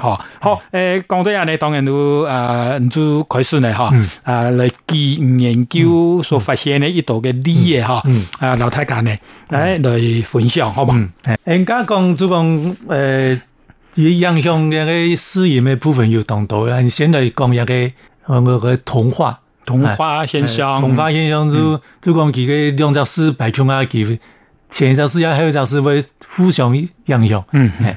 好，好，誒，講到嘢咧，當然要啊，唔開始咧，哈，啊、嗯，來、哦、記研究所發現咧一道嘅啲嘢，哈、嗯，啊、嗯，老太監咧、嗯，來分享，好誒，人家講，做講，誒，影響個聲韻嘅部分又多，但係先嚟講一個，我個同化，同化現象，同化現象，做做講佢嘅兩隻詩擺出嚟啊，佢前一隻詩後一隻詩會互相影響，嗯。嗯嗯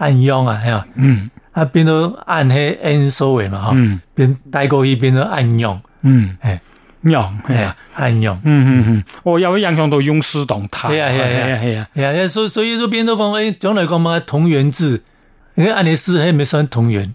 暗、嗯、用、嗯嗯 ja, 啊，係啊，嗯，啊變到暗黑 N 收尾嘛，哈，變帶過去變到暗用。嗯，誒，樣係啊，暗樣，嗯嗯嗯，我有印象都用事當態，係啊係啊係啊，係啊，所所以都變到講，誒，將來講乜同源字，因為阿尼斯係咪算同源？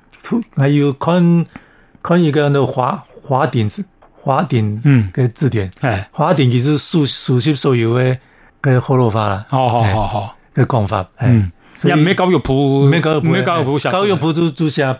還有，看看一個嗰啲華華鼎，字華嗯，嘅字典，誒，華鼎其實熟熟悉所有的，個葫蘆話啦，好好好好個講法，嗯，也唔係教育部，唔係高唔係教育部，教育部都做寫。嗯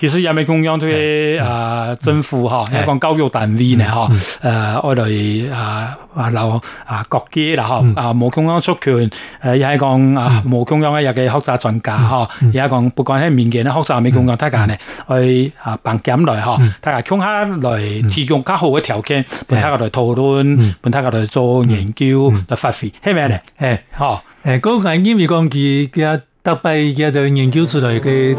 其實也咪中央啲啊政府哈，又講教育單位咧，嗬，誒我哋啊留啊國家啦，嗬，啊冇中央授權，誒又係講啊冇中央嘅有嘅學習專家，嗬，又係講不管喺邊件咧學習，冇中央睇緊咧，去啊辦緊來，嗬，睇下中央來提供更好嘅條件，俾佢哋討論，俾佢哋做研究，嚟發揮，係咪咧？誒，好誒，嗰個因為講佢嘅特別，佢就研究出來嘅。